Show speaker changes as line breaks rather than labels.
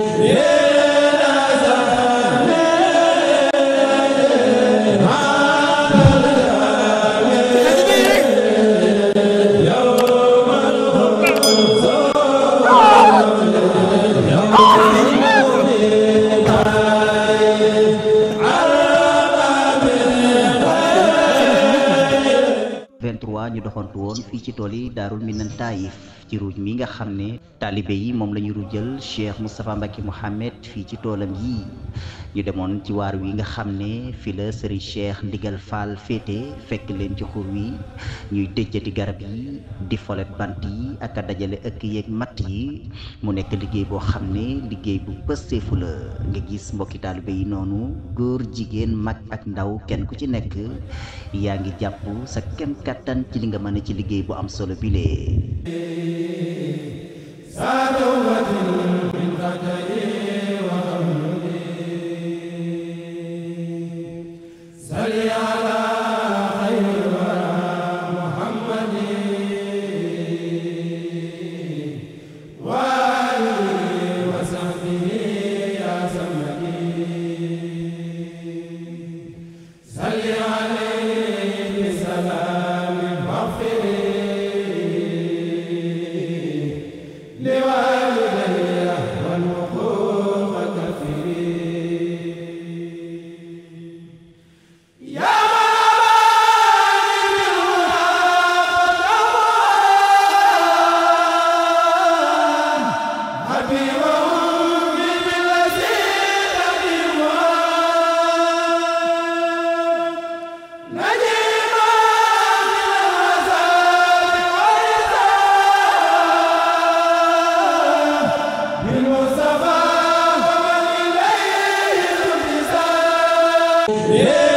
Yeah!
23 ñu doxantu woon fii ci tool yi daarul minan taif ci ruuj mi nga xam ne taalibe yi moom la ñu cheikh moustapha mbacke mohammed fii ci toolam yii ñu demoon ci waar wi nga xam ne fi la Serigne Cheikh Ndigal Fall féete fekk leen ci xur wi ñuy dëjjati garab yi di folet bant yi ak dajale ëkk yeeg matt yi mu nekk liggéey boo xam ne liggéey bu pësteefu la nga gis mbokki taalibe yi noonu góor jigéen mag ak ndaw kenn ku ci nekk yaa ngi jàpp sa kem kàttan ci li nga mën ci liggéey bu am solo bilee
Never. Yeah.